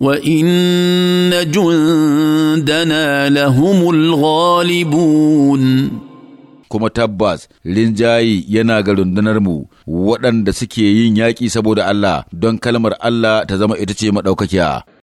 وان جندنا لهم الغالبون kuma tabbas Linjayi yana ga rundunarmu waɗanda suke yin yaƙi saboda Allah don kalmar Allah ta zama ita ce maɗaukakiya.